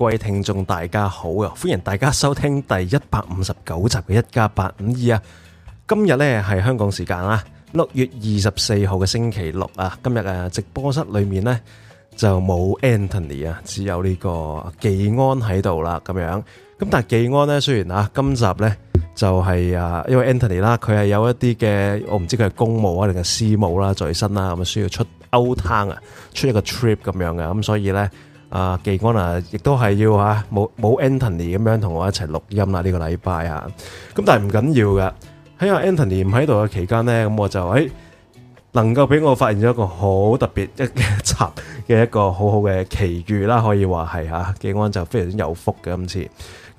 各位聽眾大家好啊，歡迎大家收聽第一百五十九集嘅一家八五二啊！今日咧係香港時間啦，六月二十四號嘅星期六啊，今日誒直播室裏面咧就冇 Anthony 啊，只有呢個技安喺度啦，咁樣。咁但係技安咧雖然啊，今集咧就係啊，因為 Anthony 啦，佢係有一啲嘅，我唔知佢係公務啊定係私務啦，最新啦咁啊需要出 out town 啊，出一個 trip 咁樣嘅，咁所以咧。啊，技安啊，亦都係要啊，冇冇 Anthony 咁樣同我一齊錄音啦呢、呢個禮拜啊，咁但係唔緊要嘅，喺阿 Anthony 唔喺度嘅期間呢，咁我就誒、哎、能夠俾我發現咗一個好特別一集嘅一個好好嘅奇遇啦，可以話係嚇，技安就非常之有福嘅今次。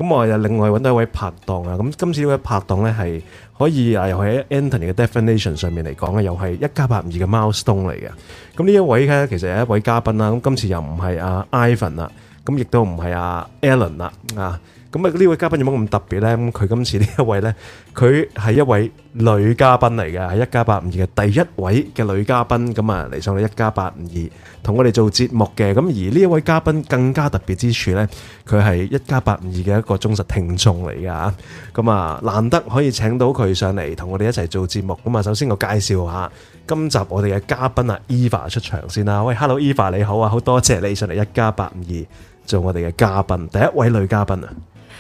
咁我又另外揾到一位拍檔啊！咁今次呢位拍檔咧係可以啊，又喺 Anthony 嘅 Definition 上面嚟講咧，又係一家852嘅 Milestone 嚟嘅。咁呢一位咧，其實係一位嘉賓啦。咁今次又唔係阿 Ivan 啦，咁亦都唔係阿 Alan 啦啊。咁啊！呢位嘉賓有乜咁特別呢？咁佢今次呢一位呢，佢係一位女嘉賓嚟嘅，係一加八五二嘅第一位嘅女嘉賓。咁啊，嚟上嚟一加八五二，同我哋做節目嘅。咁而呢一位嘉賓更加特別之處呢，佢係一加八五二嘅一個忠實聽眾嚟㗎。咁啊，難得可以請到佢上嚟同我哋一齊做節目。咁啊，首先我介紹下今集我哋嘅嘉賓啊，Eva 出場先啦。喂，Hello，Eva，你好啊，好多謝你上嚟一加八五二做我哋嘅嘉賓，第一位女嘉賓啊！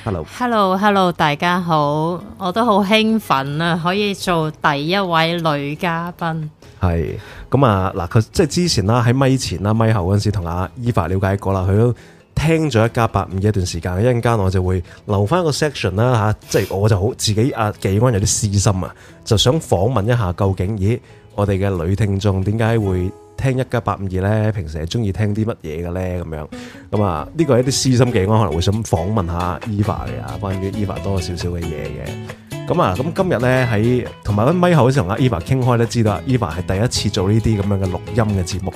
hello hello hello，大家好，我都好興奮啊，可以做第一位女嘉賓。係咁啊，嗱，佢即係之前啦，喺咪前啦，咪後嗰陣時同阿、啊、Eva 了解過啦，佢都聽咗一家八五嘅一段時間。一陣間我就會留翻個 section 啦，吓、啊，即係我就好自己啊技安有啲私心啊，就想訪問一下究竟，咦，我哋嘅女聽眾點解會？聽一加八五二咧，平時係中意聽啲乜嘢嘅？咧咁樣，咁啊呢個係一啲私心技安，可能會想訪問下 Eva 嚟啊，關於 Eva 多少少嘅嘢嘅。咁啊，咁今日咧喺同埋啲咪口先同阿 Eva 傾開咧，知道阿 Eva 係第一次做呢啲咁樣嘅錄音嘅節目，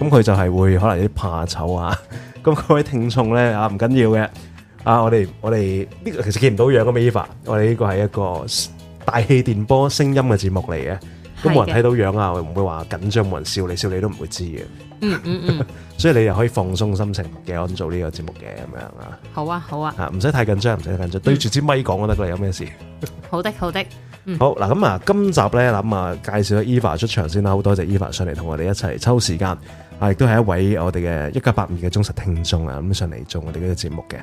咁佢就係會可能有啲怕醜啊，咁各位聽眾咧啊唔緊要嘅，啊我哋我哋呢個其實見唔到樣嘅 Eva，我哋呢個係一個大氣電波聲音嘅節目嚟嘅。都冇人睇到樣啊！唔會話緊張，冇人笑你笑你都唔會知嘅。嗯嗯嗯，所以你又可以放鬆心情嘅。我做呢個節目嘅咁樣啊。好啊好啊，啊唔使太緊張，唔使太緊張，對住支咪講就得㗎啦。有咩事？好的好的，好嗱咁啊。今集咧諗啊，介紹咗 Eva 出場先啦。好多謝 Eva 上嚟同我哋一齊抽時間啊，亦都係一位我哋嘅一家852嘅忠實聽眾啊。咁上嚟做我哋呢個節目嘅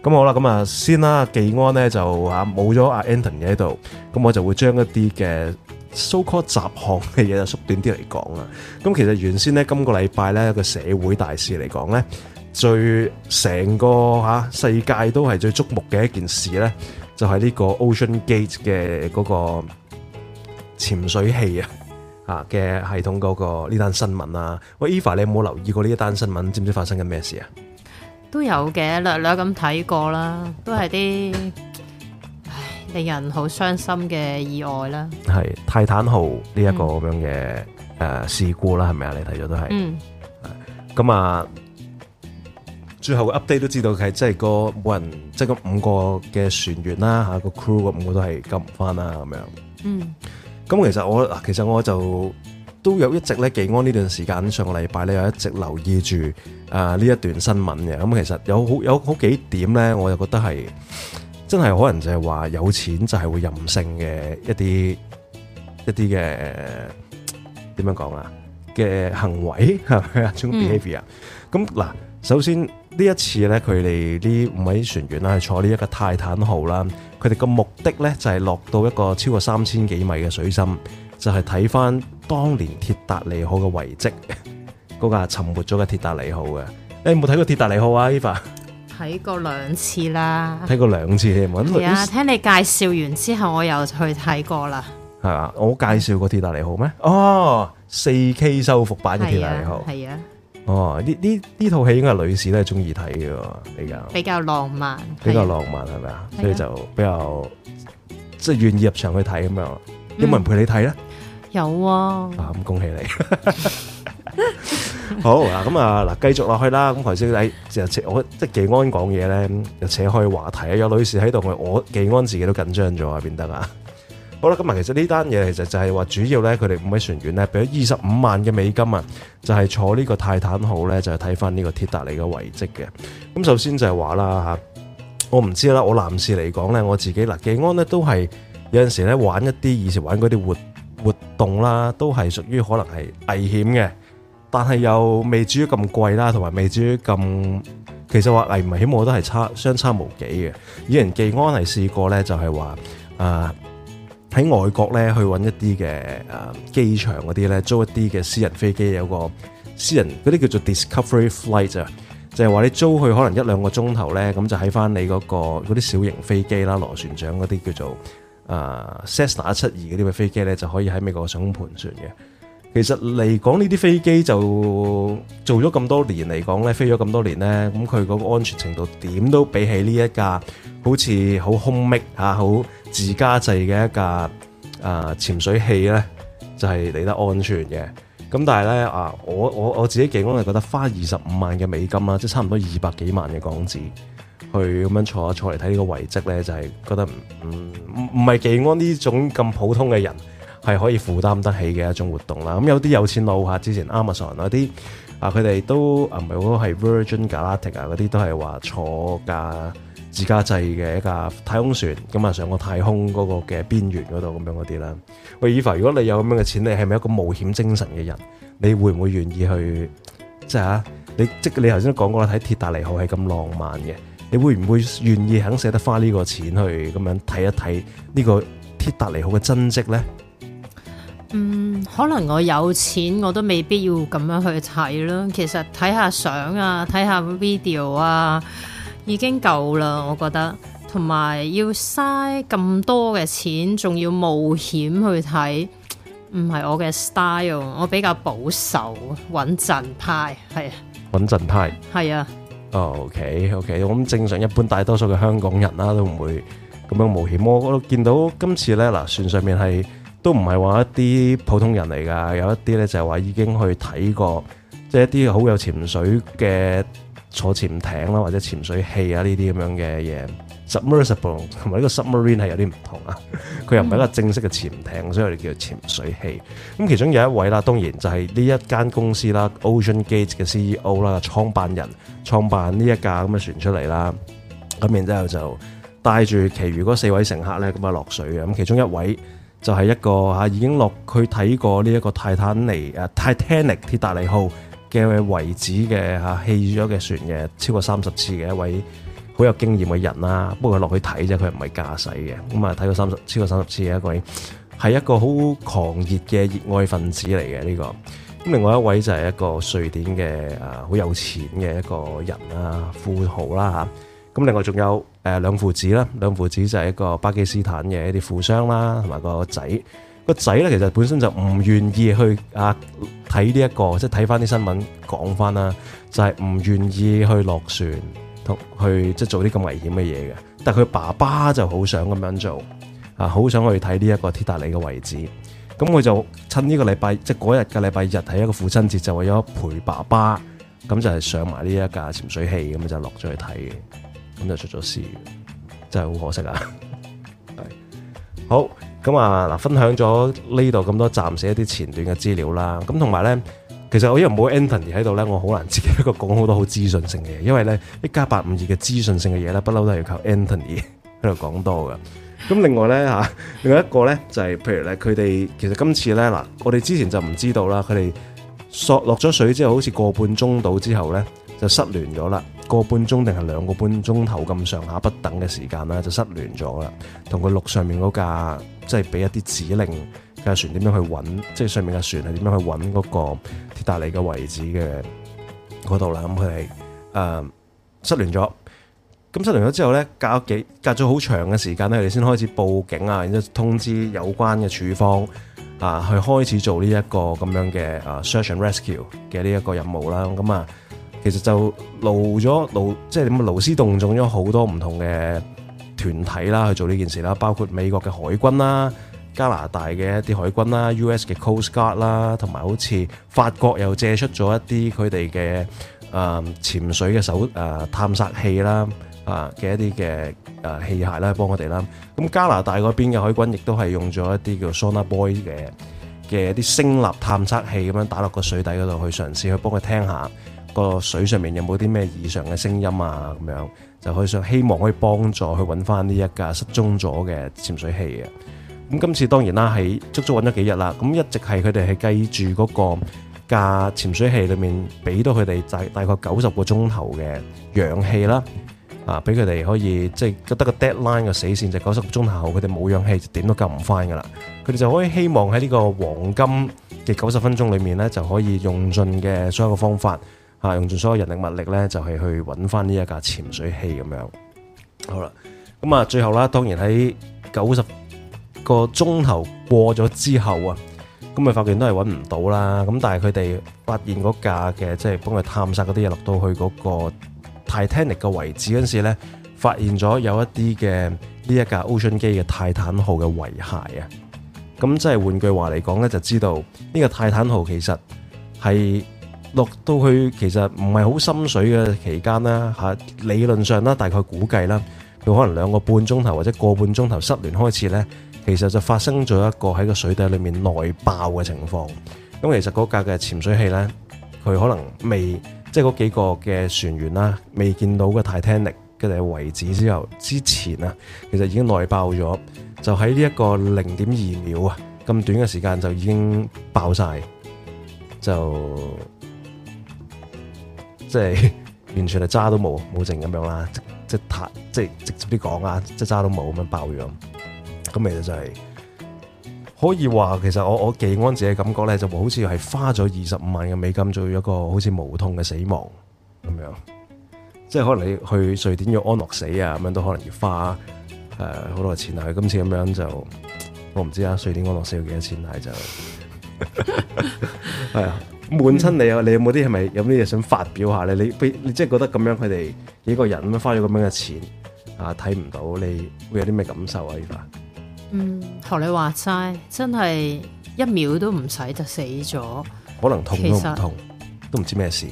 咁好啦。咁啊，先啦，技安咧就啊冇咗阿 Anton 喺度，咁我就會將一啲嘅。so called 雜項嘅嘢就縮短啲嚟講啦，咁其實原先咧今個禮拜咧個社會大事嚟講咧，最成個吓、啊、世界都係最矚目嘅一件事咧，就係、是、呢個 Ocean Gate 嘅嗰個潛水器啊，吓嘅系統嗰、那個呢單新聞啊，喂，Eva 你有冇留意過呢一單新聞？知唔知發生緊咩事啊？都有嘅，略略咁睇過啦，都係啲。令人好傷心嘅意外啦，係泰坦號呢一個咁樣嘅誒事故啦，係咪啊？你睇咗都係，咁、mm. 啊，最後 update 都知道係即係個冇人，即係個五個嘅船員啦吓，個 crew 個五個都係救唔返啦。咁樣。嗯、mm. 啊，咁其實我其實我就都有一直咧，技安呢段時間上個禮拜咧，又一直留意住啊呢一段新聞嘅。咁、啊、其實有好有好幾點咧，我又覺得係。真係可能就係話有錢就係會任性嘅，一啲一啲嘅點樣講啊嘅行為係咪啊，種 behavior？咁嗱，首先呢一次咧，佢哋呢五位船員啦，係坐呢一個泰坦號啦，佢哋個目的咧就係落到一個超過三千幾米嘅水深，就係睇翻當年鐵達尼號嘅遺跡，嗰架沉沒咗嘅鐵達尼號嘅。你有冇睇過鐵達尼號啊，Eva？睇過兩次啦，睇過兩次戲，係啊，聽你介紹完之後，我又去睇過啦。係啊，我介紹過鐵達尼號咩？哦，四 K 修復版嘅鐵達尼號。係啊，啊。哦，呢呢呢套戲應該係女士都係中意睇嘅，比較比較浪漫，啊、比較浪漫係咪啊？所以就比較即係願意入場去睇咁樣。有冇人陪你睇咧，嗯？有啊。咁、啊嗯、恭喜你。 好嗱，咁啊嗱，繼續落去啦。咁頭先，弟就扯我即係技安講嘢咧，又扯開話題啊。有女士喺度，我技安自己都緊張咗啊，邊得啊？好啦，咁啊，其實呢單嘢其實就係、是、話、就是、主要咧，佢哋五位船員咧俾咗二十五萬嘅美金啊，就係、是、坐呢個泰坦號咧，就係睇翻呢個鐵達尼嘅遺跡嘅。咁首先就係話啦嚇，我唔知啦，我男士嚟講咧，我自己嗱技安咧都係有陣時咧玩一啲以前玩嗰啲活活動啦，都係屬於可能係危險嘅。但係又未至於咁貴啦，同埋未至於咁，其實話危唔危險我都係差相差無幾嘅。以人技安係試過咧，就係話啊喺外國咧去揾一啲嘅啊機場嗰啲咧租一啲嘅私人飛機，有個私人嗰啲叫做 Discovery Flight 啊，就係話你租去可能一兩個鐘頭咧，咁就喺翻你嗰、嗰個嗰啲小型飛機啦，螺旋槳嗰啲叫做啊 Cessna 七二嗰啲嘅飛機咧，就可以喺美國上空盤旋嘅。其實嚟講呢啲飛機就做咗咁多年嚟講咧，飛咗咁多年咧，咁佢嗰個安全程度點都比起呢一架好似好空曬嚇、好自家製嘅一架啊潛水器咧，就係嚟得安全嘅。咁但係咧啊，我我我自己技安係覺得花二十五萬嘅美金啦，即係差唔多二百幾萬嘅港紙去咁樣坐一坐嚟睇呢個遺跡咧，就係覺得唔唔唔係技安呢種咁普通嘅人。係可以負擔得起嘅一種活動啦。咁、嗯、有啲有錢佬嚇，之前 Amazon 嗰啲啊，佢哋都啊唔係好係 Virgin Galactic 啊嗰啲，都係話坐架自家製嘅一架太空船，咁、嗯、啊上個太空嗰個嘅邊緣嗰度咁樣嗰啲啦。喂，Eva，如果你有咁樣嘅錢，你係咪一個冒險精神嘅人？你會唔會願意去即係嚇？你即、就是、你頭先都講過啦，睇鐵達尼號係咁浪漫嘅，你會唔會願意肯捨得花呢個錢去咁樣睇一睇呢個鐵達尼號嘅真跡咧？嗯，可能我有錢，我都未必要咁樣去睇咯。其實睇下相啊，睇下 video 啊，已經夠啦。我覺得，同埋要嘥咁多嘅錢，仲要冒險去睇，唔係我嘅 style。我比較保守、穩陣派，係啊，穩陣派，係啊。Oh, OK，OK，okay, okay, 我諗正常，一般大多數嘅香港人啦，都唔會咁樣冒險。我見到今次呢，嗱，船上面係。都唔係話一啲普通人嚟噶，有一啲咧就係話已經去睇過，即係一啲好有潛水嘅坐潛艇啦，或者潛水器啊呢啲咁樣嘅嘢。Submersible 同埋呢個 submarine 係有啲唔同啊，佢又唔係一個正式嘅潛艇，所以我哋叫潛水器。咁其中有一位啦，當然就係呢一間公司啦，Ocean Gate 嘅 CEO 啦，創辦人創辦呢一架咁嘅船出嚟啦，咁然之後就帶住其餘嗰四位乘客咧咁啊落水嘅。咁其中一位。就係、是、一個嚇已經落去睇過呢一個泰坦尼啊 Titanic 鐵達尼號嘅遺址嘅嚇棄咗嘅船嘅超過三十次嘅一位好有經驗嘅人啦、啊，不過佢落去睇啫，佢唔係駕駛嘅。咁啊睇過三十超過三十次嘅一位係一個好狂熱嘅熱愛分子嚟嘅，呢個咁另外一位就係一個瑞典嘅啊好有錢嘅一個人啊，富豪啦嚇，咁另外仲有。誒，兩父子啦，兩父子就係一個巴基斯坦嘅一啲富商啦，同埋個仔，個仔咧，其實本身就唔願意去啊睇呢一個，即係睇翻啲新聞講翻啦，就係唔願意去落船同去即係做啲咁危險嘅嘢嘅。但係佢爸爸就好想咁樣做啊，好想去睇呢一個鐵達尼嘅遺址。咁佢就趁呢個禮拜，即係嗰日嘅禮拜日，係一個父親節，就為咗陪爸爸，咁就係上埋呢一架潛水器，咁就落咗去睇嘅。咁就出咗事，真係好可惜啊！係好咁啊，嗱，分享咗呢度咁多暫時一啲前段嘅資料啦。咁同埋咧，其實我因為冇 Anthony 喺度咧，我好難自己一個講好多好資訊性嘅嘢，因為咧一加八五二嘅資訊性嘅嘢咧，不嬲都係要靠 Anthony 喺度講多噶。咁另外咧吓、啊，另外一個咧就係、是、譬如咧，佢哋其實今次咧嗱，我哋之前就唔知道啦，佢哋索落咗水之後，好似個半鐘到之後咧就失聯咗啦。個半鐘定係兩個半鐘頭咁上下不等嘅時間啦，就失聯咗啦。同佢陸上面嗰架，即係俾一啲指令架船點樣去揾，即係上面嘅船係點樣去揾嗰個鐵達尼嘅位置嘅嗰度啦。咁佢哋誒失聯咗。咁失聯咗之後呢，隔咗幾隔咗好長嘅時間呢，佢哋先開始報警啊，然之後通知有關嘅處方啊，去開始做呢一個咁樣嘅、啊、search and rescue 嘅呢一個任務啦。咁啊～其實就勞咗勞，即係點啊？勞師動眾咗好多唔同嘅團體啦，去做呢件事啦。包括美國嘅海軍啦、加拿大嘅一啲海軍啦、U.S. 嘅 Coast Guard 啦，同埋好似法國又借出咗一啲佢哋嘅誒潛水嘅手、呃、探測器啦，啊、呃、嘅一啲嘅誒器械啦，幫我哋啦。咁加拿大嗰邊嘅海軍亦都係用咗一啲叫 Sonar Boy 嘅嘅一啲聲納探測器咁樣打落個水底嗰度去，嘗試去幫佢聽下。個水上面有冇啲咩異常嘅聲音啊？咁樣就可以想希望可以幫助去揾翻呢一架失蹤咗嘅潛水器嘅。咁今次當然啦，係足足揾咗幾日啦。咁一直係佢哋係計住嗰個架潛水器裏面俾到佢哋大大概九十個鐘頭嘅氧氣啦。啊，俾佢哋可以即係得個 deadline 嘅死線，就九十個鐘頭後，佢哋冇氧氣就點都救唔翻㗎啦。佢哋就可以希望喺呢個黃金嘅九十分鐘裏面咧，就可以用盡嘅所有嘅方法。啊！用盡所有人力物力咧，就係去揾翻呢一架潛水器咁樣。好啦，咁啊，最後啦，當然喺九十個鐘頭過咗之後啊，咁啊，發現都係揾唔到啦。咁但係佢哋發現嗰架嘅即係幫佢探索嗰啲嘢落到去嗰個 Titanic 嘅位置嗰陣時咧，發現咗有一啲嘅呢一架 OceanGate 嘅泰坦號嘅遺骸啊。咁即係換句話嚟講咧，就知道呢個泰坦號其實係。落到去其實唔係好深水嘅期間啦，嚇理論上啦，大概估計啦，佢可能兩個半鐘頭或者個半鐘頭失聯開始咧，其實就發生咗一個喺個水底裏面內爆嘅情況。咁其實嗰架嘅潛水器咧，佢可能未即係嗰幾個嘅船員啦，未見到個 Titanic 嘅位置之後之前啊，其實已經內爆咗，就喺呢一個零點二秒啊咁短嘅時間就已經爆晒。就。即、就、係、是、完全係渣都冇冇剩咁樣啦，即係即即係直接啲講啊，即係渣都冇咁樣爆樣、就是，咁其實就係可以話，其實我我技安自己感覺咧，就好似係花咗二十五萬嘅美金做一個好似無痛嘅死亡咁樣，即係可能你去瑞典要安樂死啊咁樣都可能要花誒好多錢啊！佢今次咁樣就我唔知啊，瑞典安樂死要幾多錢嚟就係啊。 哎悶親你啊！你有冇啲係咪有啲嘢想發表下咧？你你，你即係覺得咁樣佢哋幾個人咁樣花咗咁樣嘅錢啊，睇唔到你會有啲咩感受啊？依家嗯，學你話齋，真係一秒都唔使就死咗，可能痛都唔痛，都唔知咩事，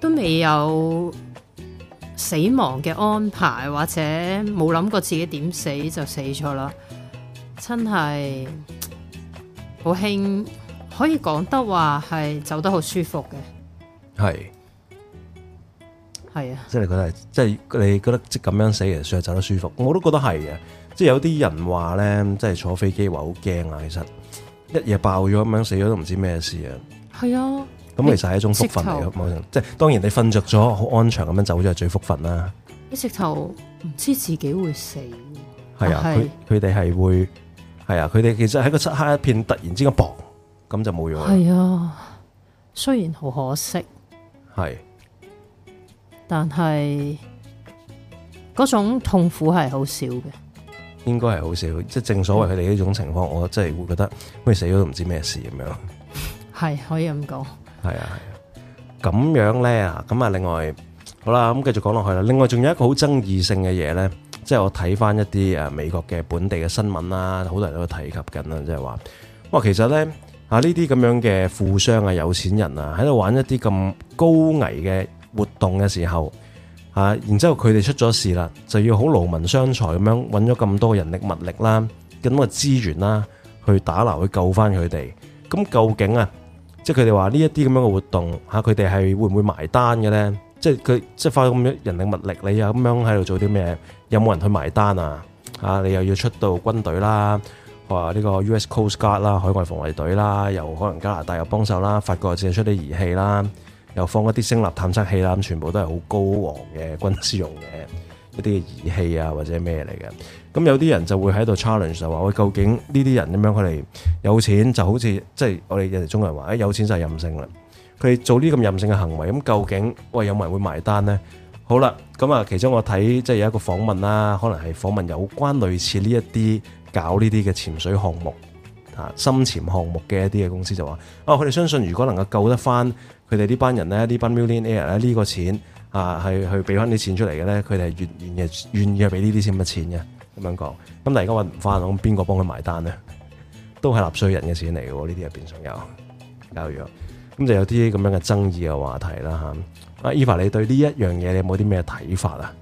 都未有死亡嘅安排，或者冇諗過自己點死就死咗啦，真係好興。可以講得話係走得好舒服嘅，係係啊，即係你覺得，即、就、係、是、你覺得即咁樣死其實算係走得舒服，我都覺得係嘅。即係有啲人話咧，即係坐飛機話好驚啊，其實一夜爆咗咁樣死咗都唔知咩事啊。係啊，咁其實係一種福分嚟嘅，冇人即係當然你瞓着咗好安詳咁樣走咗係最福分啦、啊。你直頭唔知自己會死，係啊，佢佢哋係會係啊，佢哋、啊啊啊啊啊、其實喺個漆黑一片突然之間搏。咁就冇用啦。係啊，雖然好可惜，係，但係嗰種痛苦係好少嘅。應該係好少，即係正所謂佢哋呢種情況，嗯、我真係會覺得，喂死咗都唔知咩事咁樣是。係可以咁講。係啊係啊，咁樣咧啊，咁啊，另外好啦，咁繼續講落去啦。另外仲有一個好爭議性嘅嘢咧，即係我睇翻一啲誒美國嘅本地嘅新聞啦，好多人都提及緊啦，即係話，哇，其實咧。啊！呢啲咁樣嘅富商啊、有錢人啊，喺度玩一啲咁高危嘅活動嘅時候，啊！然之後佢哋出咗事啦，就要好勞民傷財咁樣揾咗咁多人力物力啦，咁多資源啦，去打撈去救翻佢哋。咁究竟啊，即係佢哋話呢一啲咁樣嘅活動，吓佢哋係會唔會埋單嘅咧？即係佢即係花咁樣人力物力，你又咁樣喺度做啲咩？有冇人去埋單啊？啊！你又要出到軍隊啦。話呢、這個 US Coast Guard 啦，海外防衛隊啦，又可能加拿大又幫手啦，法國借出啲儀器啦，又放一啲聲納探測器啦，咁全部都係好高昂嘅軍事用嘅一啲儀器啊，或者咩嚟嘅？咁有啲人就會喺度 challenge 就話：喂，究竟呢啲人咁樣？佢哋有錢就好似即係我哋人哋中國人話、哎，有錢就係任性啦。佢做呢咁任性嘅行為，咁究竟喂有冇人會埋單呢？」好啦，咁、嗯、啊，其中我睇即係有一個訪問啦，可能係訪問有關類似呢一啲。搞呢啲嘅潛水項目啊，深潛項目嘅一啲嘅公司就話：哦，佢哋相信如果能夠救得翻佢哋呢班人咧，呢班 millionaire 咧呢個錢啊，係去俾翻啲錢出嚟嘅咧，佢哋係願意係俾呢啲錢嘅錢嘅咁樣講。咁但係而家話唔翻，咁邊個幫佢埋單呢？都係納稅人嘅錢嚟嘅喎，呢啲入邊仲有有樣咁就有啲咁樣嘅爭議嘅話題啦。嚇啊，Eva 你對呢一樣嘢你有冇啲咩睇法啊？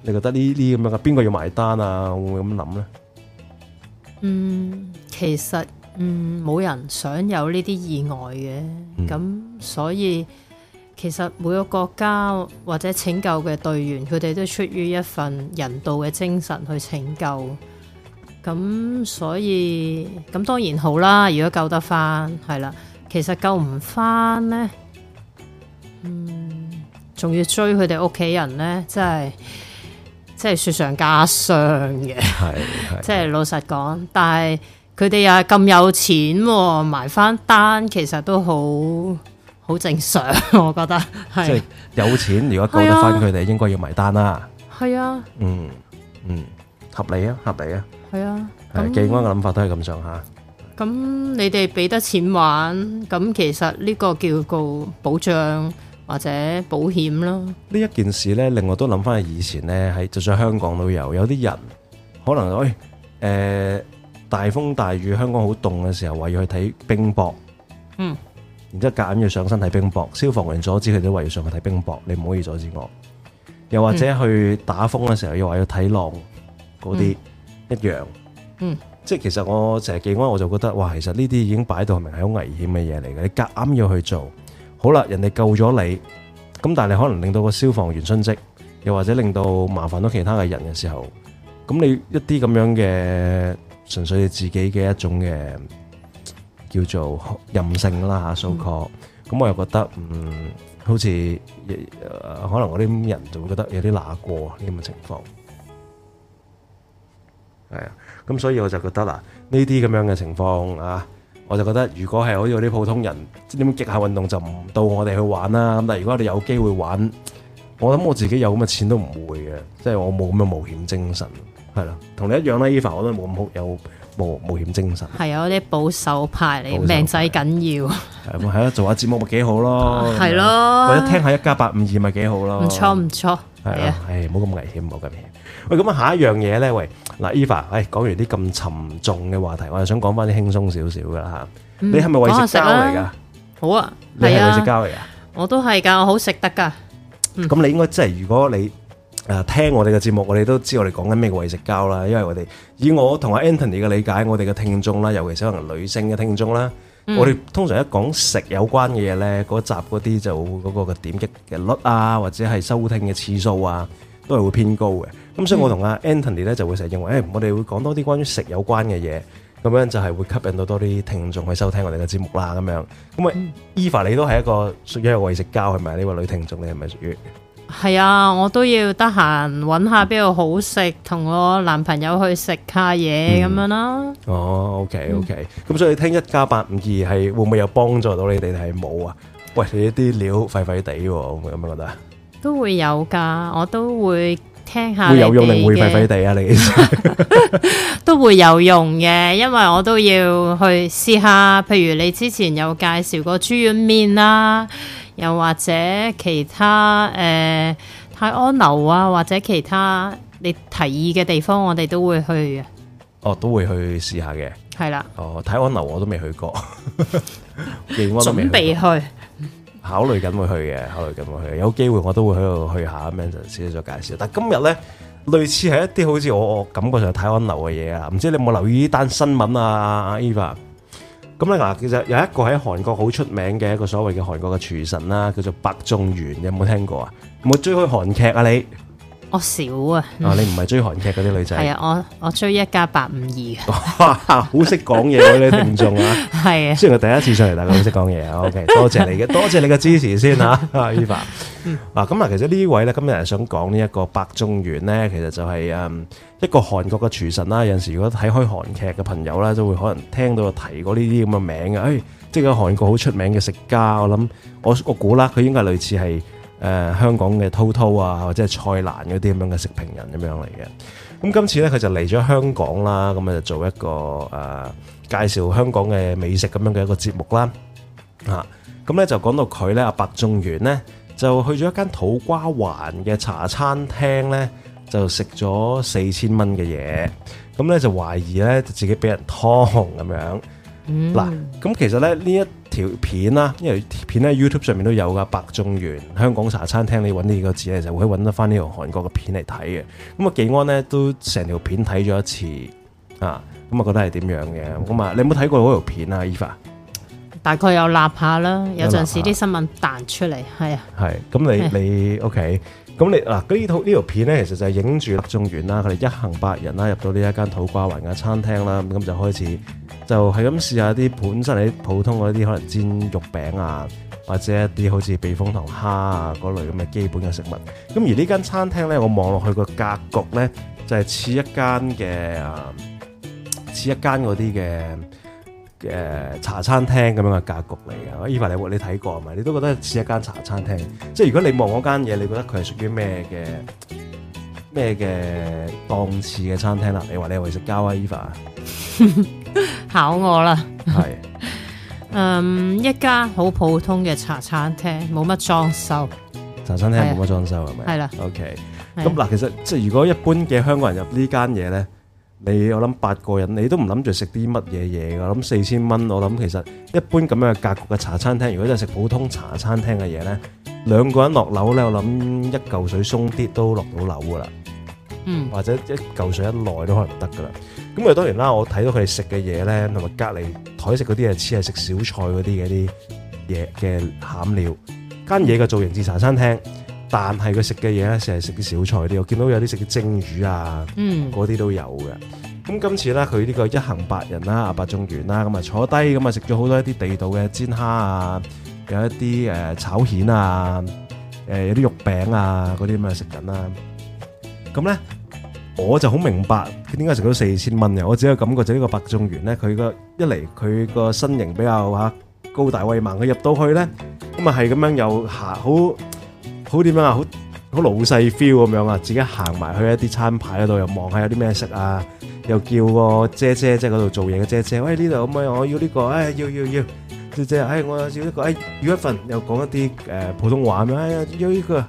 你覺得呢啲咁樣嘅邊個要埋單啊？會唔會咁諗咧？嗯，其實嗯冇人想有呢啲意外嘅，咁所以其實每個國家或者拯救嘅隊員，佢哋都出於一份人道嘅精神去拯救。咁所以咁當然好啦，如果救得翻係啦，其實救唔翻呢？嗯，仲要追佢哋屋企人呢？真係。即係雪上加霜嘅，即係老實講，但係佢哋又係咁有錢，啊，埋翻單，其實都好好正常，我覺得係，啊。即係有錢，如果救得翻佢哋，應該要埋單啦。係啊，嗯嗯，合理啊，合理啊，係啊，係。技安嘅諗法都係咁上下。咁你哋俾得錢玩，咁其實呢個叫做保障。或者保險咯，呢一件事咧，令我都諗翻起以前咧，喺就算香港旅遊，有啲人可能誒、哎呃，大風大雨，香港好凍嘅時候，話要去睇冰雹，嗯，然之後夾硬要上身睇冰雹，消防員阻止佢哋都話要上去睇冰雹，你唔可以阻止我。又或者去打風嘅時候要要，又話要睇浪嗰啲一樣，嗯，即係其實我成日記我，我就覺得哇，其實呢啲已經擺到明係好危險嘅嘢嚟嘅，你夾硬要去做。好啦，人哋救咗你，咁但係你可能令到個消防員殉職，又或者令到麻煩到其他嘅人嘅時候，咁你一啲咁樣嘅純粹你自己嘅一種嘅叫做任性啦吓，蘇克，咁我又覺得嗯，好似可能我啲人就會覺得有啲乸過呢咁嘅情況，係啊，咁所以我就覺得啦，呢啲咁樣嘅情況啊。我就覺得，如果係好似啲普通人，點樣極限運動就唔到我哋去玩啦。但係如果我哋有機會玩，我諗我自己有咁嘅錢都唔會嘅，即係我冇咁嘅冒險精神，係啦，同你一樣啦，Eva 我都冇咁好，有冒冒險精神。係啊，啲保守派你命仔緊要。係啊，係啊，做下節目咪幾好咯。係 咯，或者聽下一家八五二咪幾好咯。唔錯唔錯。係啊，唉，冇咁危險，冇咁危險。喂，咁啊，下一樣嘢咧，喂，嗱，Eva，唉，講完啲咁沉重嘅話題，我哋想講翻啲輕鬆少少噶啦吓。你係咪為食膠嚟噶？好啊，你係為食膠嚟噶？我都係噶，我好食得噶。咁你應該即係如果你誒聽我哋嘅節目，我哋都知我哋講緊咩為食膠啦。因為我哋以我同阿 Anthony 嘅理解，我哋嘅聽眾啦，尤其是可能女性嘅聽眾啦。我哋通常一講食有關嘅嘢呢，嗰集嗰啲就嗰個嘅點擊嘅率啊，或者係收聽嘅次數啊，都係會偏高嘅。咁、嗯、所以我，我同阿 Anthony 咧就會成日認為，誒、欸，我哋會講多啲關於食有關嘅嘢，咁樣就係會吸引到多啲聽眾去收聽我哋嘅節目啦。咁樣，咁啊，Eva 你都係一個屬於為食家係咪？呢位女聽眾，你係咪屬於？係啊，我都要得閒搵下邊度好食，同我男朋友去食下嘢，咁、嗯、樣啦。哦，OK OK，咁所以你聽一加八五二係會唔會有幫助到你哋？係冇啊？喂，你啲料廢廢地，會唔會？咁樣覺得都會有噶，我都會聽下。會有用定會廢廢地啊？你 都會有用嘅，因為我都要去試下。譬如你之前有介紹過豬軟麵啦。又或者其他誒、呃、泰安樓啊，或者其他你提議嘅地方，我哋都會去嘅。哦，都會去試下嘅。係啦。哦，泰安樓我都未去過，連 我都未準備去。考慮緊會去嘅，考慮緊會去嘅。有機會我都會喺度去下咁樣，就先再介紹。但今日咧，類似係一啲好似我我感覺上泰安樓嘅嘢啊，唔知你有冇留意呢單新聞啊，Eva？咁咧嗱，其實有一個喺韓國好出名嘅一個所謂嘅韓國嘅廚神啦，叫做白種元，你有冇聽過啊？有冇追開韓劇啊？你？我少啊！啊，你唔係追韓劇嗰啲女仔？係啊，我我追一家八五二嘅，好識講嘢嗰啲聽眾啊，係啊，雖然我第一次上嚟，但係好識講嘢啊。OK，多謝你嘅，多謝你嘅支持先吓，Eva。嗱，咁啊，其實呢位咧，今日係想講呢一個白種元咧，其實就係誒一個韓國嘅廚神啦。有陣時如果睇開韓劇嘅朋友咧，就會可能聽到提過呢啲咁嘅名嘅，誒，即係個韓國好出名嘅食家。我諗我我估啦，佢應該係類似係。誒、呃、香港嘅滔滔啊，或者係蔡瀾嗰啲咁樣嘅食評人咁樣嚟嘅。咁今次咧，佢就嚟咗香港啦，咁啊就做一個誒、呃、介紹香港嘅美食咁樣嘅一個節目啦。啊，咁咧就講到佢咧，阿白種元咧就去咗一間土瓜灣嘅茶餐廳咧，就食咗四千蚊嘅嘢，咁咧就懷疑咧自己俾人劏咁樣。嗱、嗯，咁其實咧呢一條片啦，因為片咧 YouTube 上面都有㗎，白種元香港茶餐廳你找這個，你揾呢個字咧就會揾得翻呢條韓國嘅片嚟睇嘅。咁啊，技安咧都成條片睇咗一次啊，咁啊覺得係點樣嘅？咁、嗯、啊，你有冇睇過嗰條片啊？Eva 大概有立下啦，有陣時啲新聞彈出嚟，係、okay, 啊，係。咁你你 OK？咁你嗱，呢套呢條片咧，其實就係影住白種元啦，佢哋一行八人啦，入到呢一間土瓜灣嘅餐廳啦，咁就開始。就係咁試下啲本身啲普通嗰啲可能煎肉餅啊，或者一啲好似避風塘蝦啊嗰類咁嘅基本嘅食物。咁而呢間餐廳咧，我望落去個格局咧，就係似一間嘅，似一間嗰啲嘅嘅茶餐廳咁樣嘅格局嚟嘅。Eva，你你睇過係咪？你都覺得似一間茶餐廳。即係如果你望嗰間嘢，你覺得佢係屬於咩嘅咩嘅檔次嘅餐廳啦？你話你係為食家啊 Eva 考我啦，係，嗯，一家好普通嘅茶餐廳，冇乜裝修。茶餐廳冇乜裝修係咪？係啦。OK，咁嗱，其實即係如果一般嘅香港人入呢間嘢咧，你我諗八個人，你都唔諗住食啲乜嘢嘢噶。我諗四千蚊，我諗其實一般咁樣嘅格局嘅茶餐廳，如果真係食普通茶餐廳嘅嘢咧，兩個人落樓咧，我諗一嚿水鬆啲都落到樓噶啦。嗯、或者一嚿水一耐都可能得噶啦。咁啊，當然啦，我睇到佢哋食嘅嘢咧，同埋隔離台食嗰啲啊，似係食小菜嗰啲嘅啲嘢嘅餡料。間嘢嘅造型似茶餐廳，但係佢食嘅嘢咧，成日食啲小菜啲。我見到有啲食啲蒸魚啊，嗰、嗯、啲都有嘅。咁今次咧，佢呢個一行人、啊、八人啦、啊，阿白種元啦，咁啊坐低咁啊食咗好多一啲地道嘅煎蝦啊，有一啲誒、呃、炒蜆啊，誒、呃、有啲肉餅啊嗰啲咁嘅食緊啦。咁咧、啊、～那呢我就好明白佢點解食到四千蚊嘅。我只有感覺就呢個白中元白種元咧，佢個一嚟佢個身形比較嚇高大威猛，佢入到去咧咁啊，係咁樣又行好好點樣啊，好好老細 feel 咁樣啊，自己行埋去一啲餐牌嗰度又望下有啲咩色啊，又叫個姐姐即係嗰度做嘢嘅姐姐，喂，呢度唔係我要呢個，唉要要要，姐姐唉我要呢個，唉要一份又講一啲誒普通話咩，唉要呢個。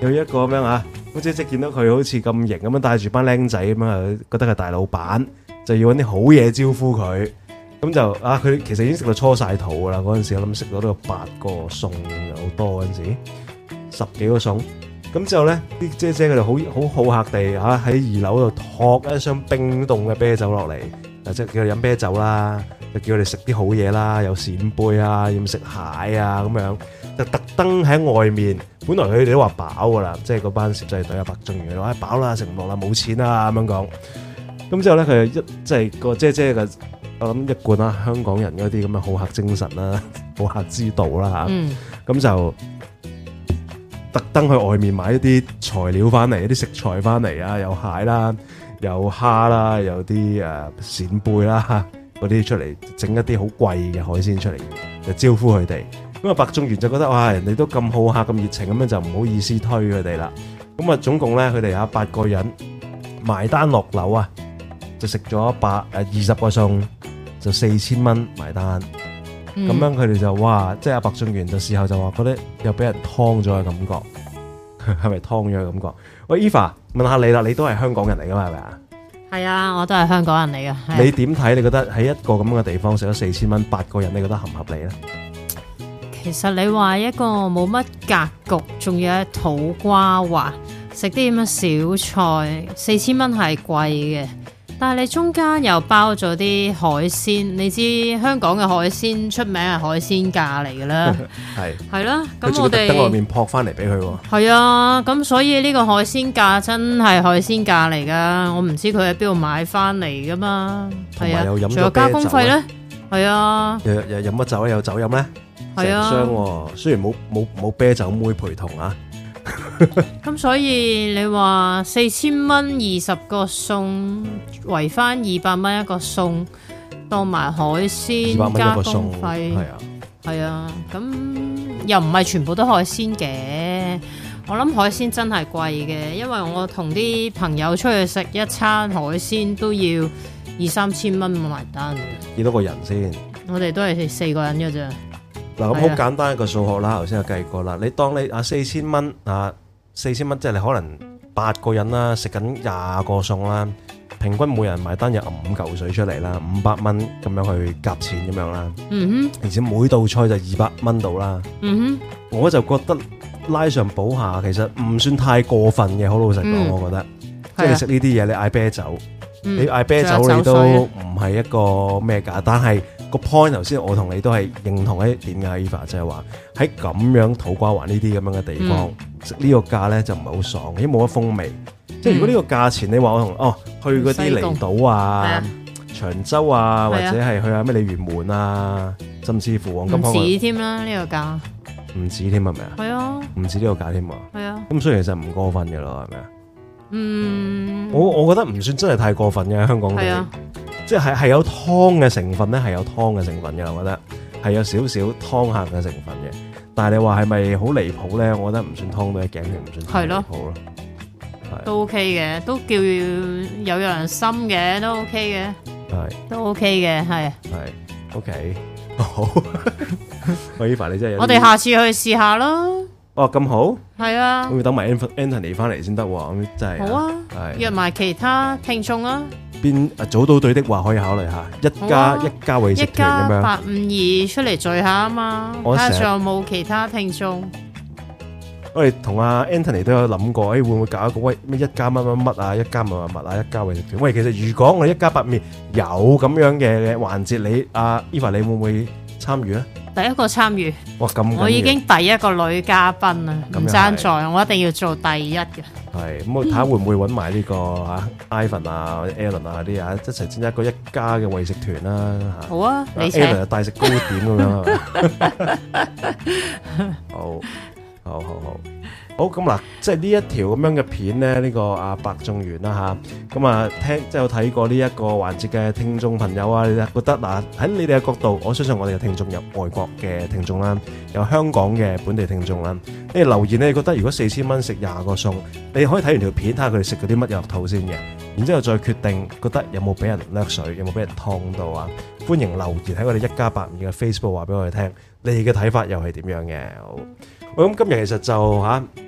有一個咁樣啊，姐姐好姐即見到佢好似咁型咁樣帶住班僆仔咁樣，覺得佢大老闆就要搵啲好嘢招呼佢，咁就啊佢其實已經食到搓晒肚啦！嗰陣時我諗食到都有八個餸好多嗰陣時，十幾個餸，咁之後咧，啲姐姐佢就好好好客地啊，喺二樓度托一箱冰凍嘅啤酒落嚟，嗱即係叫佢飲啤酒啦。就叫佢哋食啲好嘢啦，有扇貝啊，要食蟹啊咁樣，就特登喺外面。本來佢哋都話飽噶啦，即係嗰班攝製隊阿白種元話、哎、飽啦，食唔落啦，冇錢啊咁樣講。咁之後咧，佢一即係、就是、個姐姐嘅，我諗一貫啦、啊，香港人嗰啲咁嘅好客精神啦，好客之道啦嚇。咁、嗯、就特登去外面買一啲材料翻嚟，一啲食材翻嚟啊，有蟹啦，有蝦啦，有啲誒扇貝啦，嗰啲出嚟整一啲好貴嘅海鮮出嚟，就招呼佢哋。咁啊，白種元就覺得哇、哎，人哋都咁好客、咁熱情，咁樣就唔好意思推佢哋啦。咁啊，總共咧，佢哋有八個人埋單落樓啊，就食咗百誒二十個餸，就四千蚊埋單。咁、嗯、樣佢哋就哇，即係阿白種元就事後就話覺得又俾人劏咗嘅感覺，係咪劏咗嘅感覺？喂，Eva，問下你啦，你都係香港人嚟噶嘛，係咪啊？係啊，我都係香港人嚟噶、啊。你點睇？你覺得喺一個咁嘅地方食咗四千蚊八個人，你覺得合唔合理咧？其實你話一個冇乜格局，仲要喺土瓜灣食啲咁嘅小菜，四千蚊係貴嘅。但係你中間又包咗啲海鮮，你知香港嘅海鮮出名係海鮮價嚟㗎啦，係係啦。咁、啊、我哋得外面撲翻嚟俾佢喎。係啊，咁所以呢個海鮮價真係海鮮價嚟㗎，我唔知佢喺邊度買翻嚟㗎嘛。同埋又飲咗加工費咧，係啊。又又飲乜酒咧？有酒飲咩？係啊、哦。雖然冇冇冇啤酒妹陪同啊。咁 所以你話四千蚊二十個餸，維翻二百蚊一個餸，當埋海鮮加工費係啊，係啊，咁又唔係全部都海鮮嘅。我諗海鮮真係貴嘅，因為我同啲朋友出去食一餐海鮮都要二三千蚊埋單。幾多個人先？我哋都係四個人噶咋。嗱，咁好簡單一個數學啦，頭先又計過啦。你當你啊四千蚊啊四千蚊，4, 元即係你可能八個人啦，食緊廿個餸啦，平均每人埋單日五嚿水出嚟啦，五百蚊咁樣去夾錢咁樣啦。嗯，而且每道菜就二百蚊到啦。嗯，我就覺得拉上補下，其實唔算太過分嘅。好老實講，嗯，我覺得即係你食呢啲嘢，你嗌啤酒，嗯、你嗌啤酒你都唔係一個咩價，但係。個 point 頭先我同你都係認同一點嘅？Eva 就係話喺咁樣土瓜灣呢啲咁樣嘅地方呢、嗯、個價咧就唔係好爽，已經冇乜風味。嗯、即係如果呢個價錢，你話我同哦去嗰啲離島啊、長洲啊，啊啊或者係去下咩鯉魚門啊，甚至乎黃金坊，唔止添啦呢個價，唔止添係咪啊？係啊，唔止呢個價添啊。係啊，咁所以其實唔過分嘅咯，係咪啊？嗯，我我覺得唔算真係太過分嘅，香港係啊。即係係有湯嘅成分咧，係有湯嘅成分嘅，我覺得係有少少湯客嘅成分嘅。但係你話係咪好離譜咧？我覺得唔算湯咩，梗係唔算湯咯，都 OK 嘅，都叫有良心嘅，都 OK 嘅，都 OK 嘅，係，OK，好，阿 Eva 你真係，我哋下次去試下啦。哦，咁好，係啊，我要等埋 Anthony 翻嚟先得喎，咁真係好啊，約埋其他聽眾啊。邊啊組到隊的話可以考慮下，一家一家為食團咁樣，八五二出嚟聚下啊嘛！睇下仲有冇其他聽眾。喂，同阿 Anthony 都有諗過，誒會唔會搞一個喂咩一家乜乜乜啊，一家乜乜乜啊，一家為食團？喂，其實如果我係一家八五二有咁樣嘅環節，你阿 Eva 你會唔會參與啊？第一個參與，哇咁！我已經第一個女嘉賓啦，咁爭在，我一定要做第一嘅。係，咁我睇下會唔會揾埋呢個啊，Ivan 啊，嗯、或者 Alan 啊啲啊，一齊整一個一家嘅餵食團啦、啊、嚇。好啊，啊，Alan 大食糕點咁樣。 好，好好好。好咁嗱，即係呢一條咁樣嘅片咧，呢個阿白種元啦嚇，咁啊聽即係有睇過呢一個環節嘅聽眾朋友啊，你哋覺得嗱，喺你哋嘅角度，我相信我哋嘅聽眾有外國嘅聽眾啦，有香港嘅本地聽眾啦，誒留言，你哋覺得如果四千蚊食廿個餸，你可以睇完條片睇下佢哋食咗啲乜嘢肚先嘅，然之後再決定覺得有冇俾人掠水，有冇俾人劏到啊？歡迎留言喺我哋一家八五嘅 Facebook 話俾我哋聽，你嘅睇法又係點樣嘅？好，我諗今日其實就嚇。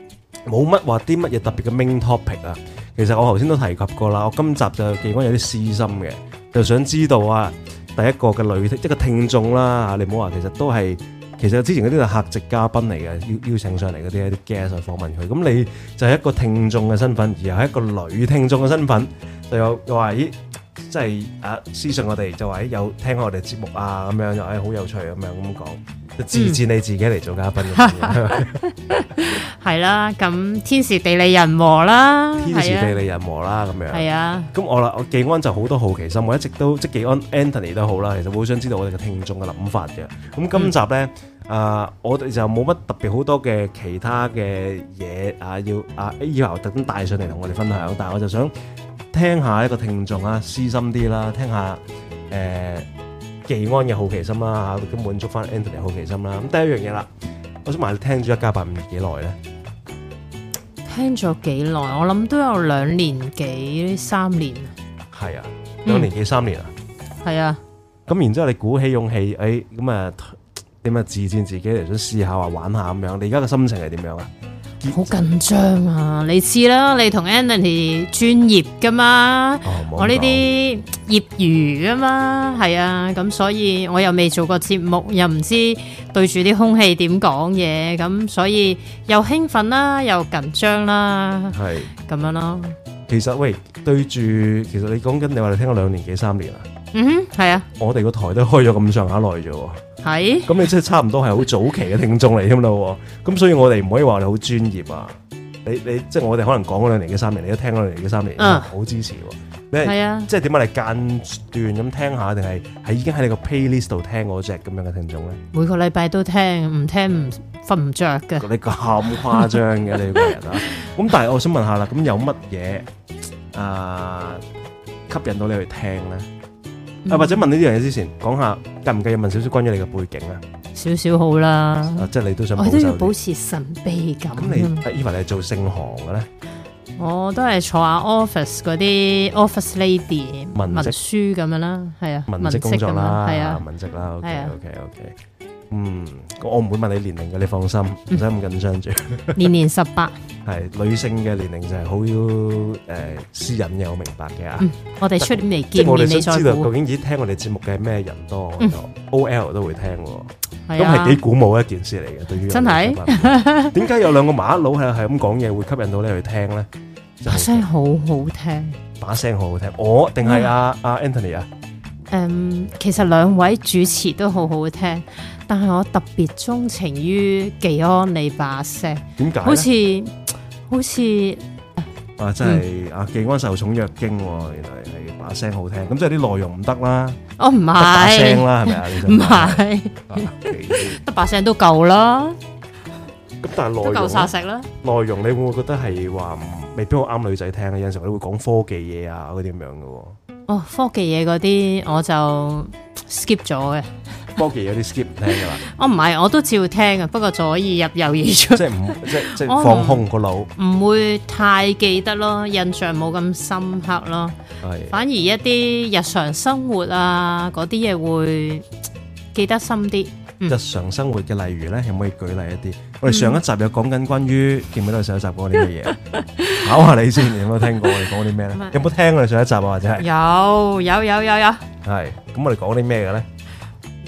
冇乜話啲乜嘢特別嘅 main topic 啊，其實我頭先都提及過啦，我今集就記翻有啲私心嘅，就想知道啊，第一個嘅女即係一個聽眾啦嚇，你唔好話其實都係其實之前嗰啲係客席嘉賓嚟嘅，邀邀請上嚟嗰啲一啲 guest 去訪問佢，咁你就係一個聽眾嘅身份，而係一個女聽眾嘅身份，就有話咦。即係啊，私信我哋就話誒有聽我哋節目啊，咁樣就誒好有趣咁樣咁講，自薦你自己嚟做嘉賓咁樣，係啦，咁天時地利人和啦，天時地利人和啦，咁樣，係啊，咁我啦，我技安就好多好奇心，我一直都即係技安 Anthony 都好啦，其實好想知道我哋嘅聽眾嘅諗法嘅，咁今集咧啊，我哋就冇乜特別好多嘅其他嘅嘢啊，要啊，以後特登帶上嚟同我哋分享，但係我就想。聽一下一個聽眾啊，私心啲啦，聽下誒技安嘅好奇心啦吓，咁滿足翻 Anthony 嘅好奇心啦。咁第一樣嘢啦，我想問你聽咗一家八五幾耐咧？聽咗幾耐？我諗都有兩年幾三年啊。係、嗯、啊，兩年幾三年啊。係啊。咁然之後你鼓起勇氣，誒、哎，咁啊點啊自薦自己嚟想試下或玩下咁樣？你而家嘅心情係點樣啊？好緊張啊！你知啦，你同 Anthony 專業噶嘛，我呢啲業餘噶嘛，係啊，咁所以我又未做過節目，又唔知對住啲空氣點講嘢，咁所以又興奮啦，又緊張啦，係咁樣咯。其實喂，對住其實你講緊你話你聽過兩年幾三年啊？嗯哼，係啊，我哋個台都開咗咁上下耐咋。係，咁你真係差唔多係好早期嘅聽眾嚟添咯，咁所以我哋唔可以話你好專業啊，你你即係我哋可能講嗰兩年嘅三年，你都聽嗰兩年嘅三年，嗯，好支持喎？係啊，即係點解你間斷咁聽下，定係係已經喺你個 playlist 度聽嗰隻咁樣嘅聽眾咧？每個禮拜都聽，唔聽唔瞓唔着嘅，你咁誇張嘅你個人啊？咁但係我想問下啦，咁有乜嘢啊吸引到你去聽咧？啊，或者問呢啲嘢之前，講下，介唔介意問少少關於你嘅背景啊？少少好啦，即係你都想，我都要保持神秘感。咁你，以為你係做聖行嘅咧？我都係坐下 office 嗰啲 office lady，文文書咁樣啦，係啊，文職工作啦，係啊，文職啦，OK，OK，OK。嗯，我唔會問你年齡嘅，你放心，唔使咁緊張住。年年十八，係女性嘅年齡就係好誒私隱嘅，我明白嘅。嗯，我哋出嚟見面，你想知道究竟而家聽我哋節目嘅係咩人多？OL 都會聽，咁係幾鼓舞嘅一件事嚟嘅。對於真係，點解有兩個馬佬係係咁講嘢會吸引到你去聽咧？把聲好好聽，把聲好好聽，我定係阿阿 Anthony 啊？嗯，其實兩位主持都好好聽。但係我特別鍾情於技安你把聲，點解咧？好似好似啊，真係啊，技安受寵若驚，原來係把聲好聽。咁即係啲內容唔得啦，哦唔係，把聲啦係咪啊？唔係，得把聲都夠啦。咁但係內容夠殺食啦。內容你會唔會覺得係話未必好啱女仔聽？有陣時候你會講科技嘢啊，嗰啲咁樣嘅。哦，科技嘢嗰啲我就 skip 咗嘅。Bogie 有啲 skip 唔聽噶啦？我唔係，我都照聽啊，不過左耳入右耳出。即係唔即係，即係放空個腦，唔會太記得咯，印象冇咁深刻咯。係。反而一啲日常生活啊嗰啲嘢會記得深啲。日常生活嘅，例如咧，可唔可以舉例一啲？我哋上一集又講緊關於見唔見到，上一集講啲乜嘢？考下你先，有冇聽過？我哋講啲咩咧？有冇聽我哋上一集啊？或者係有有有有有。係。咁我哋講啲咩嘅咧？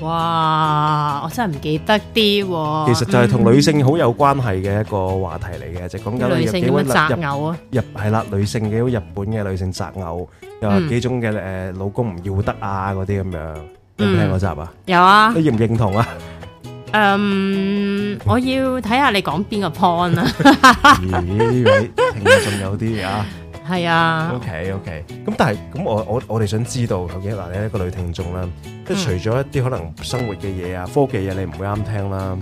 哇！我真係唔記得啲喎，其實就係同女性好有關係嘅一個話題嚟嘅，就講緊女性嘅擇偶啊，日係啦，女性嘅好日本嘅女性擇偶，又話幾種嘅誒老公唔要得啊嗰啲咁樣，有冇聽過集啊？有啊，你認唔認同啊？嗯，我要睇下你講邊個 point 啊？咦，呢位聽眾仲有啲啊～係啊，OK OK。咁但係咁我我我哋想知道，究竟嗱你一個女聽眾啦，即係除咗一啲可能生活嘅嘢啊，科技嘢你唔會啱聽啦，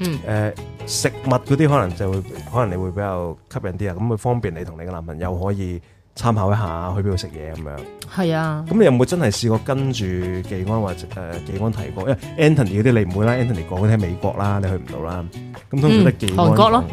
嗯，誒食物嗰啲可能就會，可能你會比較吸引啲啊。咁會方便你同你嘅男朋友可以參考一下，去邊度食嘢咁樣。係啊。咁你有冇真係試過跟住技安或誒技安提過？因為 Anthony 嗰啲你唔會啦，Anthony 講緊喺美國啦，你去唔到啦。咁通常係技安。韓國咯。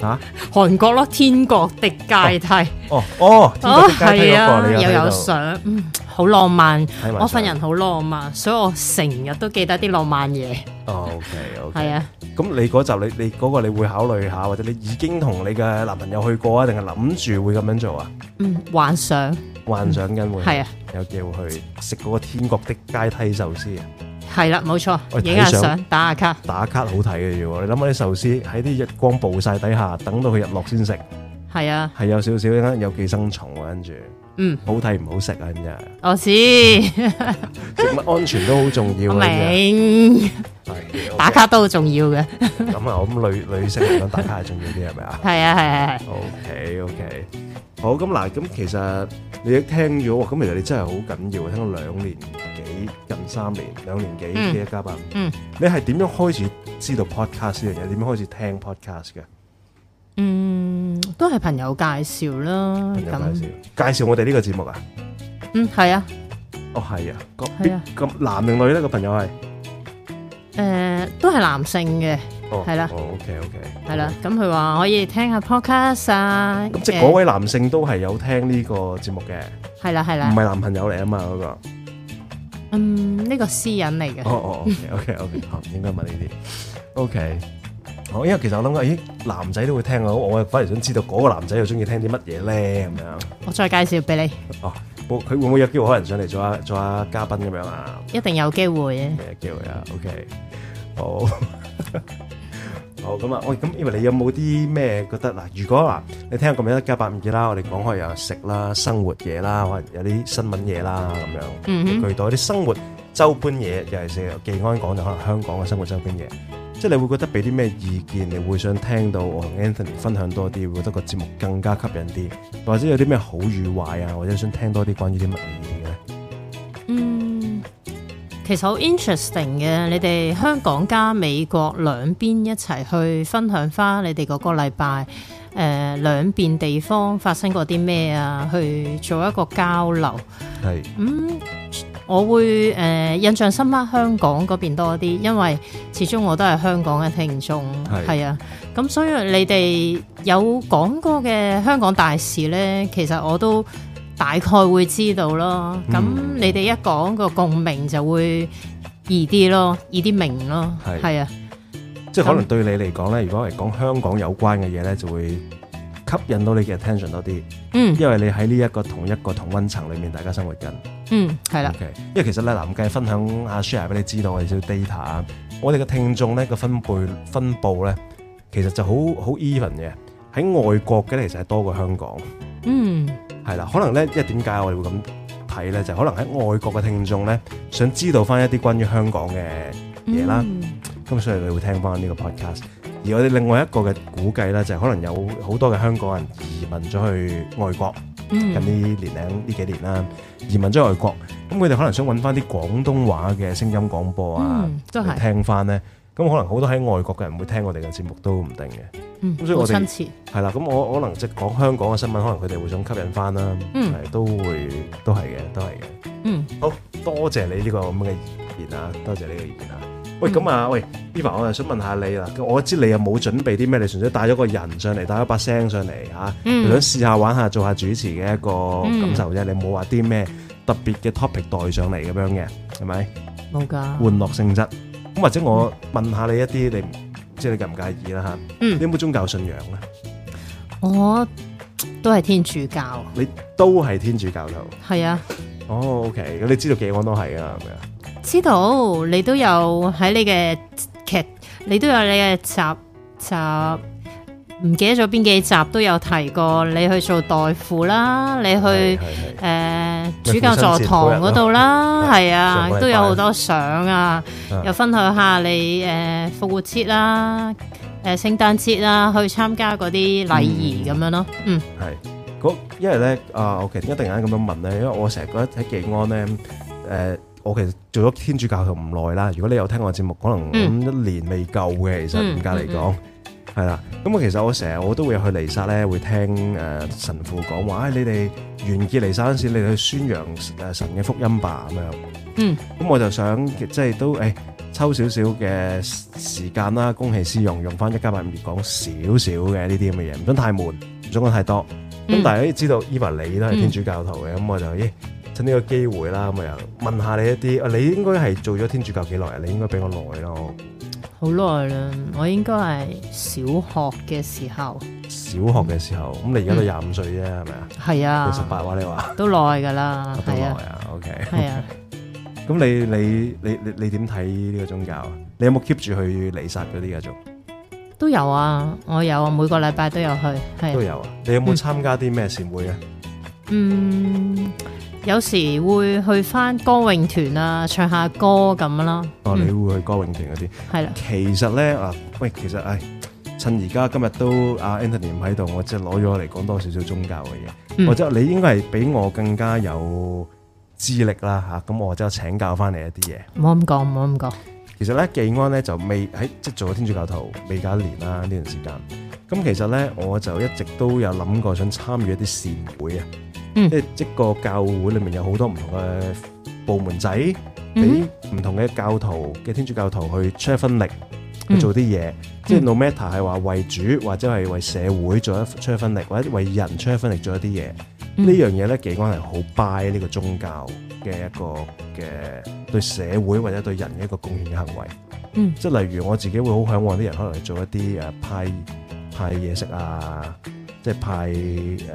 嚇！韓國咯，天國的階梯。哦哦，係啊，又有相，好浪漫。我份人好浪漫，所以我成日都記得啲浪漫嘢。哦，OK OK。係啊，咁你嗰集你你嗰個你會考慮下，或者你已經同你嘅男朋友去過啊，定係諗住會咁樣做啊？嗯，幻想，幻想緊會係啊，有機會去食嗰個天國的階梯壽司啊！係啦，冇錯。影下相，打下卡。打卡好睇嘅啫，你諗下啲壽司喺啲日光暴曬底下，等到佢日落先食。係啊，係有少少，有寄生蟲跟住。嗯，好睇唔好食啊，真係。我知，食物安全都好重要啊。打卡都好重要嘅。咁啊，我諗女女性嚟講，打卡係重要啲係咪啊？係啊，係係係。O K O K。好咁嗱，咁其實你聽咗，咁其實你真係好緊要，聽到兩年幾近三年，兩年幾呢一間吧。嗯，你係點樣開始知道 podcast 呢樣嘢？點樣開始聽 podcast 嘅？嗯，都係朋友介紹啦。朋友介紹，介紹我哋呢個節目啊。嗯，係啊。哦，係啊。係啊。咁男定女咧？個朋友係？誒，都係男性嘅。係啦，OK OK，係啦，咁佢話可以聽下 podcast 啊。咁即係嗰位男性都係有聽呢個節目嘅。係啦係啦，唔係男朋友嚟啊嘛嗰個。嗯，呢個私隱嚟嘅。哦哦，OK OK OK，唔應該問呢啲。OK，好，因為其實我諗，咦，男仔都會聽啊，我反而想知道嗰個男仔又中意聽啲乜嘢咧，咁樣。我再介紹俾你。哦，佢會唔會有機會可能上嚟做下做下嘉賓咁樣啊？一定有機會啊，機會啊，OK，好。好咁啊！我咁，因為你有冇啲咩覺得嗱？如果嗱，你聽下個名得一家852唔止啦，我哋講開又食啦、生活嘢啦，可能有啲新聞嘢啦咁樣，嗯，巨多啲生活周邊嘢又係成日，技安講就可能香港嘅生活周邊嘢，即係你會覺得俾啲咩意見？你會想聽到我同 Anthony 分享多啲，會覺得個節目更加吸引啲，或者有啲咩好與壞啊？或者想聽多啲關於啲乜嘢嘅咧？其實好 interesting 嘅，你哋香港加美國兩邊一齊去分享翻你哋嗰個禮拜，誒、呃，兩邊地方發生過啲咩啊？去做一個交流。係，咁、嗯、我會誒、呃、印象深刻香港嗰邊多啲，因為始終我都係香港嘅聽眾。係，啊，咁所以你哋有講過嘅香港大事呢，其實我都。大概會知道咯。咁你哋一講個、嗯、共鳴就會易啲咯，易啲明咯。係啊，即係可能對你嚟講咧，如果係講香港有關嘅嘢咧，就會吸引到你嘅 attention 多啲。嗯，因為你喺呢一個同一個同溫層裡面，大家生活緊。嗯，係啦。Okay, 因為其實咧，南界分享阿 Share 俾你知道我哋少 data 我哋嘅聽眾咧，個分配分布咧，其實就好好 even 嘅。喺外國嘅，其實係多過香港。嗯。係啦，可能咧，一點解我哋會咁睇咧？就係、可能喺外國嘅聽眾咧，想知道翻一啲關於香港嘅嘢啦。咁、嗯、所以你會聽翻呢個 podcast。而我哋另外一個嘅估計咧，就係、可能有好多嘅香港人移民咗去外國。嗯、近呢年齡呢幾年啦，移民咗外國，咁佢哋可能想搵翻啲廣東話嘅聲音廣播啊，嗯就係、聽翻咧。咁可能好多喺外國嘅人會聽我哋嘅節目都唔定嘅，咁所以我哋係啦。咁我可能即係講香港嘅新聞，可能佢哋會想吸引返啦，係都會都係嘅，都係嘅。嗯，好多謝你呢個咁嘅意見啊，多謝你嘅意見啊。喂，咁啊，喂，Eva，我又想問下你啦。我知你又冇準備啲咩，你純粹帶咗個人上嚟，帶咗把聲上嚟嚇，想試下玩下做下主持嘅一個感受啫。你冇話啲咩特別嘅 topic 帶上嚟咁樣嘅，係咪？冇㗎，玩樂性質。或者我問下你一啲，你即係你介唔介意啦吓、嗯？你有冇宗教信仰咧？我都係天主教。你都係天主教徒？係啊。哦、oh，OK，咁你知道技安都係噶，係咪啊？知道，你都有喺你嘅劇，你都有你嘅集集。唔記得咗邊幾集都有提過，你去做代父啦，你去誒、呃、主教座堂嗰度啦，係、嗯、啊，都有好多相啊、嗯，又分享一下你誒、呃、復活節啦、誒、呃、聖誕節啦，去參加嗰啲禮儀咁樣咯。嗯，係、嗯，因為咧啊，我其實一定間咁樣問咧，因為我成日覺得喺技安咧，誒、呃，我其實做咗天主教徒唔耐啦。如果你有聽我嘅節目，可能一年未夠嘅、嗯，其實嚴格嚟講。嗯嗯嗯係啦，咁啊，其實我成日我都會去彌撒咧，會聽誒、呃、神父講話，誒你哋完結彌撒嗰陣時候，你哋去宣揚誒神嘅福音吧，咁樣。嗯，咁我就想即係都誒、欸、抽少少嘅時間啦，公器私用用返一家852講少少嘅呢啲咁嘅嘢，唔想太悶，唔想講太多。咁、嗯、大家知道 Eva 你都係天主教徒嘅，咁、嗯、我就咦、欸、趁呢個機會啦，咁又問下你一啲，你應該係做咗天主教幾耐啊？你應該比我耐咯。好耐啦，我應該係小學嘅時候。小學嘅時候，咁、嗯、你而家都廿五歲啫，係、嗯、咪啊？係啊，二十八話你話。你都耐噶啦。啊，都耐啊，OK。係啊。咁、okay. 啊、 你你你你你點睇呢個宗教啊？你有冇 keep 住去禮薩嗰啲嘅做？都有啊，我有啊，每個禮拜都有去。都有啊，啊你有冇參加啲咩善會啊？嗯。有時會去翻歌詠團啊，唱下歌咁啦。哦，你會去歌詠團嗰啲？係、嗯、啦。其實咧啊，喂，其實誒，趁而家今日都阿 Anthony 唔喺度，我即係攞咗嚟講多少少宗教嘅嘢，嗯。或者你應該係比我更加有資歷啦嚇。咁我即係請教翻你一啲嘢。唔好咁講，唔好咁講。其實咧，技安咧就未喺即係做咗天主教徒未夠一年啦呢段時間。咁其實咧，我就一直都有諗過想參與一啲善會啊。嗯、即係一個教會裏面有好多唔同嘅部門仔，俾、嗯、唔同嘅教徒嘅天主教徒去出一分力，嗯、去做啲嘢、嗯。即係 no matter 係話為主，或者係為社會做一出一分力，或者為人出一分分力做一啲嘢。嗯、這件事呢樣嘢咧，幾關係好 buy 呢個宗教嘅一個嘅對社會或者對人嘅一個貢獻嘅行為。嗯，即係例如我自己會好嚮往啲人可能做一啲誒、啊、派派嘢食啊。即係派，誒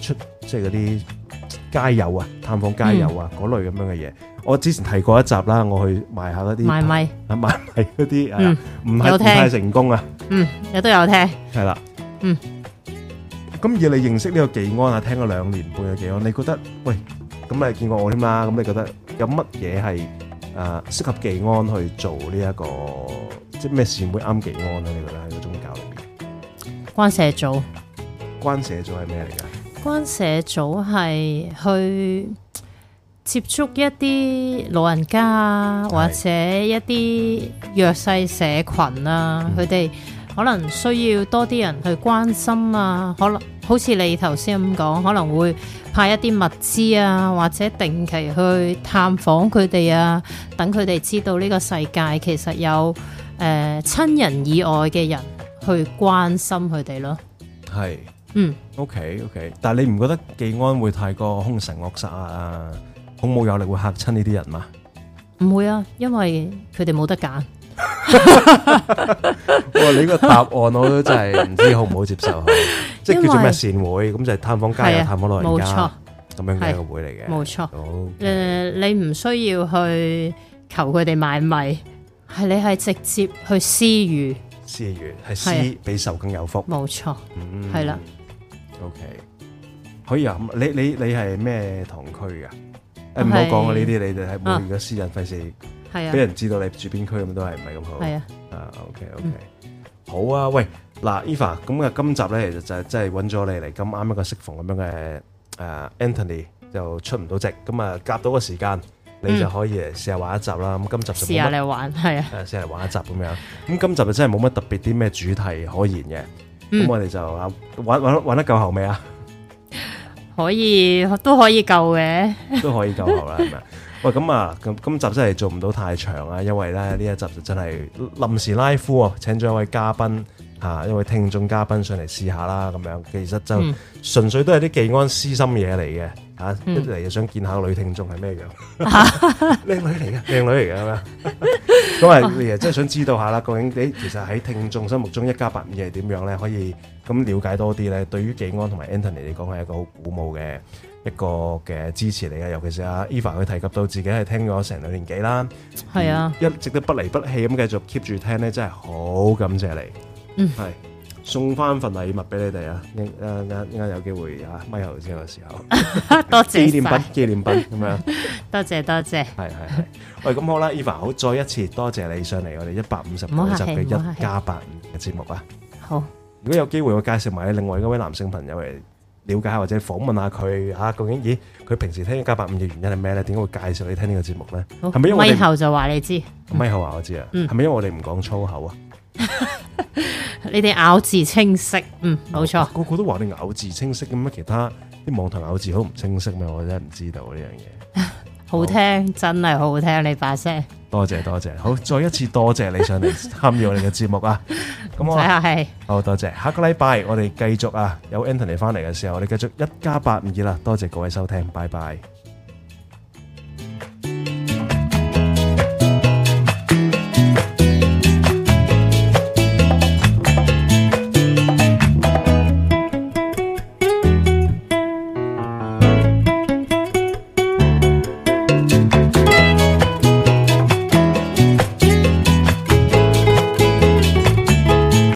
出，即係嗰啲街友啊，探訪街友啊，嗰類咁樣嘅嘢。我之前提過一集啦，我去賣下嗰啲賣米啊，賣米嗰啲啊，唔係太成功啊。嗯，你都有聽。係啦。嗯。咁而你認識呢個技安啊，聽咗兩年半嘅技安，你覺得喂，咁你見過我添嘛，咁你覺得有乜嘢係誒適合技安去做呢一個，即係咩事會啱技安啊？你覺得喺個宗教裏邊，關社組。關社組係咩嚟噶？關社組係去接觸一啲老人家或者一啲弱勢社群啊，佢哋可能需要多啲人去關心啊。可能好似你頭先咁講，可能會派一啲物資啊，或者定期去探訪佢哋啊，等佢哋知道呢個世界其實有誒、呃、親人以外嘅人去關心佢哋咯。係。嗯，OK OK，但係你唔覺得技安會太過凶神惡煞啊，恐怖有力會吓親呢啲人嘛？唔會啊，因為佢哋冇得揀。哇、 哦，你這個答案我都真係唔知道好唔好接受， 即係叫做咩善會咁，就係探訪家探訪老人家，咁樣嘅一個會嚟嘅，冇錯。誒，okay. 你唔需要去求佢哋買米，係你係直接去施予，施予係施比受更有福，冇錯，係啦。嗯 OK，可以啊，你你你係咩同區噶？誒，唔好講啊呢啲，你哋係冇咁嘅私人，費事俾人知道你住邊區咁都係唔係咁好。係啊，啊 O K O K，好啊。喂，嗱 Eva，咁啊今集咧其實就係真係揾咗你嚟咁啱一個適逢咁樣嘅誒，Anthony 就出唔到席，咁啊夾到個時間，你就可以試下玩一集啦。咁今集就試下你玩係啊，誒試下玩一集咁樣。咁 今集就真係冇乜特別啲咩主題可言嘅。咁、嗯、我哋就玩玩玩得夠喉未啊？可以都可以夠嘅，都可以夠喉啦，係 咪？喂，咁啊，今集真係做唔到太長啊，因為咧呢這一集就真係臨時拉夫啊、哦，請咗一位嘉賓。嚇，一位聽眾嘉賓上嚟試下啦，咁樣其實就純粹都係啲技安私心嘢嚟嘅嚇，一嚟又想見下個女聽眾係咩樣，靚女嚟嘅，靚女嚟嘅咁樣。咁啊，你又真係想知道下啦，究竟你其實喺聽眾心目中一家八五係點樣咧？可以咁了解多啲咧。對於技安同埋 Anthony 嚟講係一個好鼓舞嘅一個嘅支持嚟嘅，尤其是阿 Eva 佢提及到自己係聽咗成兩年幾啦，係啊，一直都不離不棄咁繼續 keep 住聽咧，真係好感謝你。嗯，係送翻份禮物俾你哋啊！應誒，依家有機會啊，米喉之後嘅時候，紀 念品紀念品咁樣，多謝多謝，係係係，喂，咁好啦，Eva 好，再一次多謝你上嚟我哋一百五十九集嘅一加八五嘅節目啊！好，如果有機會，我介紹埋另外一位男性朋友嚟了解下或者訪問下佢啊，究竟咦，佢平時聽一加八五嘅原因係咩咧？點解會介紹你聽個節目呢個節目咧？係咪因為米喉就話你知？咪喉話我知啊，係咪因為我哋唔講粗口啊？ 你哋咬字清晰，嗯，冇錯、哦啊，個個都話你咬字清晰的，咁乜其他啲網台咬字好唔清晰咩？我真係唔知道呢樣嘢。好聽，好真係好好聽，你把聲，多謝多謝，好，再一次多謝你上嚟參與我哋嘅節目啊！咁 我睇下啊，好多謝，下個禮拜我哋繼續啊，有 Anthony 翻嚟嘅時候，我哋繼續一家八五二啦。多謝各位收聽，拜拜。